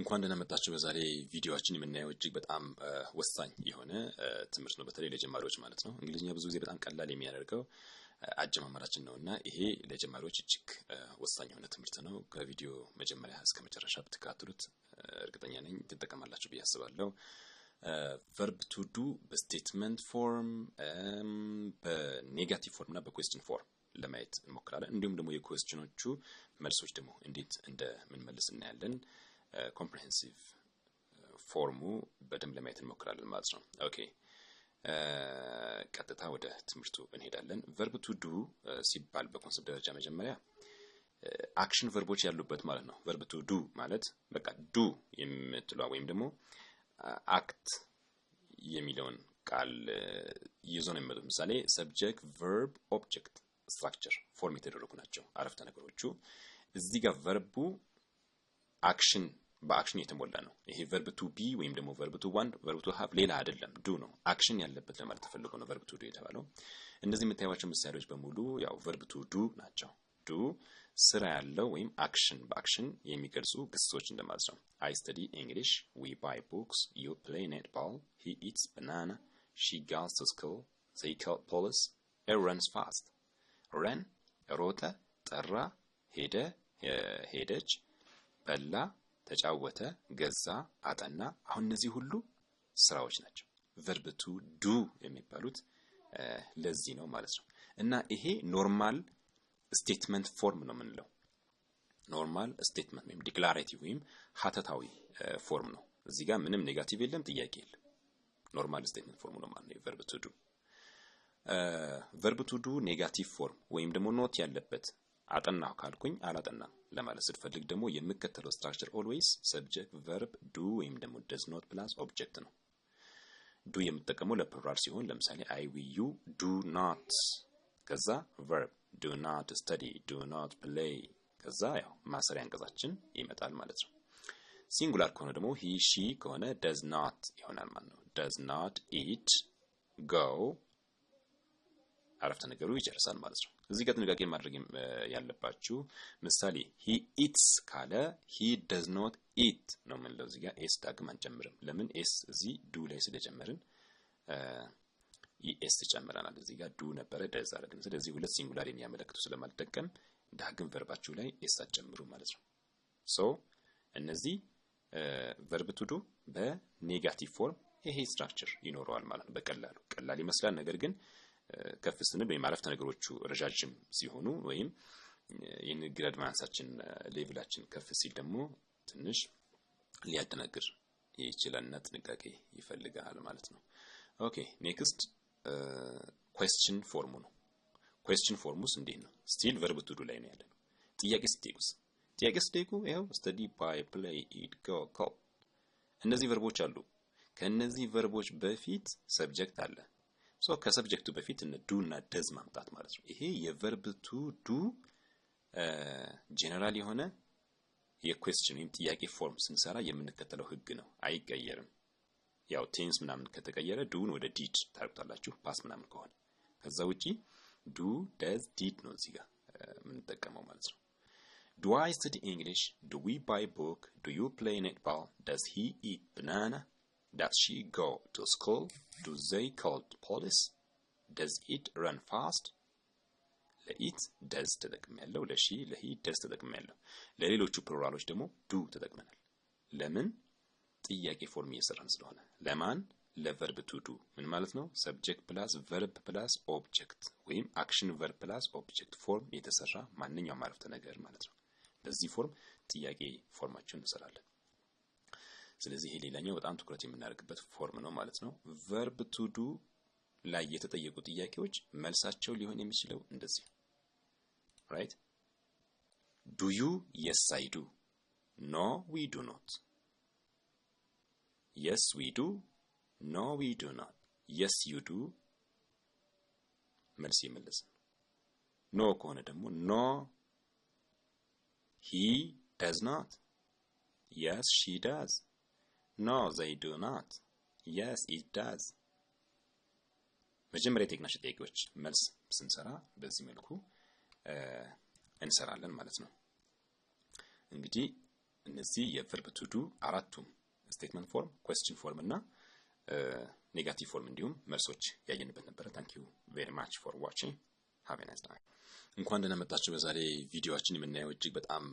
እንኳን ደህና መጣችሁ። በዛሬ ቪዲዮችን የምናየው እጅግ በጣም ወሳኝ የሆነ ትምህርት ነው፣ በተለይ ለጀማሪዎች ማለት ነው። እንግሊዝኛ ብዙ ጊዜ በጣም ቀላል የሚያደርገው አጀማመራችን ነው እና ይሄ ለጀማሪዎች እጅግ ወሳኝ የሆነ ትምህርት ነው። ከቪዲዮ መጀመሪያ እስከ መጨረሻ ብትከታተሉት እርግጠኛ ነኝ ትጠቀማላችሁ ብዬ አስባለሁ። ቨርብ ቱ ዱ በስቴትመንት ፎርም፣ በኔጋቲቭ ፎርም እና በኩዌስችን ፎርም ለማየት እንሞክራለን። እንዲሁም ደግሞ የኩዌስችኖቹ መልሶች ደግሞ እንዴት እንደምንመልስ እናያለን። ኮምፕሬሄንሲቭ ፎርሙ uh, በደንብ ለማየት እንሞክራለን ማለት ነው። ኦኬ uh, ቀጥታ ወደ ትምህርቱ እንሄዳለን። ቨርብ ቱ ዱ ሲባል በኮንሰፕት ደረጃ መጀመሪያ አክሽን uh, ቨርቦች ያሉበት ማለት ነው። ቨርብ ቱ ዱ ማለት በቃ ዱ የምትሏ ወይም ደግሞ አክት የሚለውን ቃል ይዞ ነው የሚመጡት። ምሳሌ ሰብጀክት፣ ቨርብ፣ ኦብጀክት፣ ስትራክቸር ፎርም የተደረጉ ናቸው አረፍተ ነገሮቹ። እዚህ ጋር ቨርቡ አክሽን በአክሽን የተሞላ ነው። ይሄ ቨርብ ቱ ቢ ወይም ደግሞ ቨርብ ቱ ዋን፣ ቨርብ ቱ ሃቭ ሌላ አይደለም፣ ዱ ነው። አክሽን ያለበት ለማለት ተፈልጎ ነው ቨርብ ቱ ዱ የተባለው። እነዚህ የምታዩዋቸው ምሳሌዎች በሙሉ ያው ቨርብ ቱ ዱ ናቸው። ዱ ስራ ያለው ወይም አክሽን በአክሽን የሚገልጹ ግሶች እንደማለት ነው። አይ ስተዲ እንግሊሽ፣ ዊ ባይ ቡክስ፣ ዩ ፕሌይ ኔትባል፣ ሂ ኢትስ ባናና፣ ሺ ጋዝ ቱ ስኩል፣ ዘይ ኮል ፖሊስ፣ ረንስ ፋስት። ረን ሮጠ፣ ጠራ፣ ሄደ፣ ሄደች በላ፣ ተጫወተ፣ ገዛ፣ አጠና። አሁን እነዚህ ሁሉ ስራዎች ናቸው። ቨርብ ቱ ዱ የሚባሉት ለዚህ ነው ማለት ነው። እና ይሄ ኖርማል ስቴትመንት ፎርም ነው የምንለው። ኖርማል ስቴትመንት ወይም ዲክላሬቲቭ ወይም ሀተታዊ ፎርም ነው። እዚህ ጋር ምንም ኔጋቲቭ የለም፣ ጥያቄ የለም። ኖርማል ስቴትመንት ፎርም ነው ማለት ነው ቨርብ ቱ ዱ። ቨርብ ቱ ዱ ኔጋቲቭ ፎርም ወይም ደግሞ ኖት ያለበት አጠናሁ ካልኩኝ አላጠናም ለማለት ስትፈልግ ደግሞ የምከተለው ስትራክቸር ኦልዌይስ ሰብጀክት ቨርብ ዱ ወይም ደግሞ ደዝ ኖት ፕላስ ኦብጀክት ነው። ዱ የምጠቀመው ለፕሉራል ሲሆን ለምሳሌ አይ ዊ ዩ ዱ ኖት ከዛ ቨርብ ዱ ኖት ስተዲ ዱ ኖት ፕሌይ ከዛ ያው ማሰሪያ አንቀጻችን ይመጣል ማለት ነው። ሲንጉላር ከሆነ ደግሞ ሂ ሺ ከሆነ ደዝ ኖት ይሆናል ማለት ነው። ደዝ ኖት ኢት ጎ አረፍተ ነገሩ ይጨርሳል ማለት ነው። እዚህ ጋር ጥንቃቄ ማድረግ ያለባችሁ ምሳሌ ሂ ኢትስ ካለ ሂ ደዝ ኖት ኢት ነው የምንለው። እዚህ ጋር ኤስ ዳግም አንጨምርም። ለምን? ኤስ እዚህ ዱ ላይ ስለጨመርን ኢኤስ ጨምረናል። እዚህ ጋር ዱ ነበረ ደዝ አደረግን። ስለዚህ ሁለት ሲንጉላር የሚያመለክቱ ስለማልጠቀም ዳግም ቨርባችሁ ላይ ኤስ አትጨምሩ ማለት ነው። ሶ እነዚህ ቨርብ ቱዱ በኔጋቲቭ ፎርም ይሄ ስትራክቸር ይኖረዋል ማለት ነው። በቀላሉ ቀላል ይመስላል ነገር ግን ከፍ ስንል ወይም አረፍተ ነገሮቹ ረዣዥም ሲሆኑ ወይም የንግግር አድቫንሳችን ሌቭላችን ከፍ ሲል ደግሞ ትንሽ ሊያደናግር ይችላልና ጥንቃቄ ይፈልጋል ማለት ነው። ኦኬ ኔክስት ኮስችን ፎርሙ ነው። ኮስችን ፎርሙስ እንዴት ነው? ስቲል ቨርብ ቱ ዱ ላይ ነው ያለነው። ጥያቄ ስጠይቁስ ጥያቄ ስጠይቁ ይኸው ስተዲ ባይ ፕሌይ ኢት፣ ጎ ኮ እነዚህ ቨርቦች አሉ። ከእነዚህ ቨርቦች በፊት ሰብጀክት አለ። ሶ ከሰብጀክቱ በፊት እነ ዱ እና ደዝ ማምጣት ማለት ነው። ይሄ የቨርብ ቱ ዱ ጄኔራል የሆነ የኩዌስችን ወይም ጥያቄ ፎርም ስንሰራ የምንከተለው ህግ ነው። አይቀየርም። ያው ቴንስ ምናምን ከተቀየረ ዱን ወደ ዲድ ታርጉታላችሁ ፓስ ምናምን ከሆነ። ከዛ ውጪ ዱ ደዝ ዲድ ነው እዚህ ጋር የምንጠቀመው ማለት ነው። ዱ አይ ስተዲ እንግሊሽ ዱ ዊ ባይ ቡክ ዱ ዩ ፕሌይ ኔትባል ደዝ ሂ ኢት ባናና Does she go to school? Do they call the police? Does it run fast? ለኢት ደዝ ተጠቅሜያለሁ። ለሺ ለሂ ደዝ ተጠቅሜያለሁ። ለሌሎቹ ፕሉራሎች ደግሞ ዱ ተጠቅመናል። ለምን ጥያቄ ፎርም እየሰራን ስለሆነ ለማን ለቨርብ ቱ ዱ ምን ማለት ነው? ሰብጀክት ፕላስ ቨርብ ፕላስ ኦብጀክት ወይም አክሽን ቨርብ ፕላስ ኦብጀክት ፎርም የተሰራ ማንኛውም አረፍተ ነገር ማለት ነው። በዚህ ፎርም ጥያቄ ፎርማችን እንሰራለን። ስለዚህ ይሄ ሌላኛው በጣም ትኩረት የምናደርግበት ፎርም ነው ማለት ነው። ቨርብ ቱ ዱ ላይ የተጠየቁ ጥያቄዎች መልሳቸው ሊሆን የሚችለው እንደዚህ ራይት ዱዩ የስ አይ ዱ ኖ ዊ ዱ ኖት የስ ዊ ዱ ኖ ዊ ዱ ኖት የስ ዩ ዱ መልስ የመለስ ነው። ኖ ከሆነ ደግሞ ኖ ሂ ደዝ ኖት የስ ሺ ዳዝ No, they do not. Yes, it does. መጀመሪያ የቴክናሽ ጥያቄዎች መልስ ስንሰራ በዚህ መልኩ እንሰራለን ማለት ነው። እንግዲህ እነዚህ የቨርብ ቱዱ አራቱም ስቴትመንት ፎርም፣ ኮስችን ፎርም እና ኔጋቲቭ ፎርም እንዲሁም መልሶች ያየንበት ነበረ። ታንክ ዩ ቬሪ ማች ፎር ዋቺንግ ሃቭ ኤ ናይስ ታይም። እንኳን ደህና መጣችሁ። በዛሬ ቪዲዮአችን የምናየው እጅግ በጣም